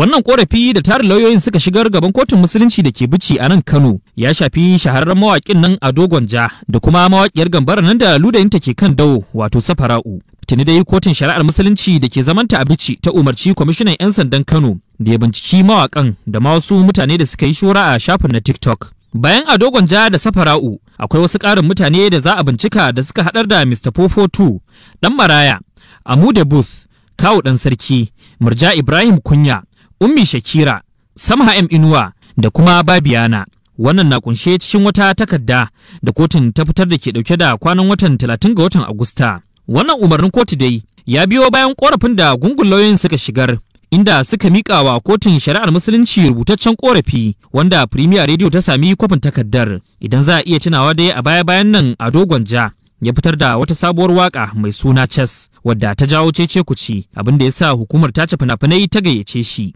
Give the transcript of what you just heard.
Wannan korafi da tarin lauyoyin suka shigar gaban kotun musulunci da ke bici a nan Kano ya shafi shahararren mawaƙin nan a Dogonja da kuma mawaƙiyar gambara nan da ludayinta ke kan dawo wato Safara'u. Tuni dai kotun shari'ar musulunci da ke zamanta a bici ta umarci kwamishinan 'yan sandan Kano da ya binciki mawakan da ma wasu mutane da suka yi shura a shafin na TikTok. Bayan a Dogonja da Safara'u akwai wasu ƙarin mutane da za a bincika da suka haɗar da Mr. Fofo 2, Ɗan Maraya, Amude Booth, Kawu Ɗan Sarki, Murja Ibrahim Kunya, ummi shakira samha m inuwa da kuma babiyana wannan na kunshe cikin wata takarda da kotun ta fitar da ke dauke da kwanan watan 30 ga watan agusta wannan umarnin kotu dai ya biyo bayan korafin da gungun lauyoyin suka shigar inda suka mika wa kotun shari'ar musulunci rubutaccen korafi wanda premier radio ta sami kwafin takardar idan za a iya tunawa dai a baya bayan nan a dogon ja ya fitar da wata sabuwar waka mai suna chess wadda ta jawo cece kuci abinda ya sa hukumar ta tace fina-finai ta gayyace shi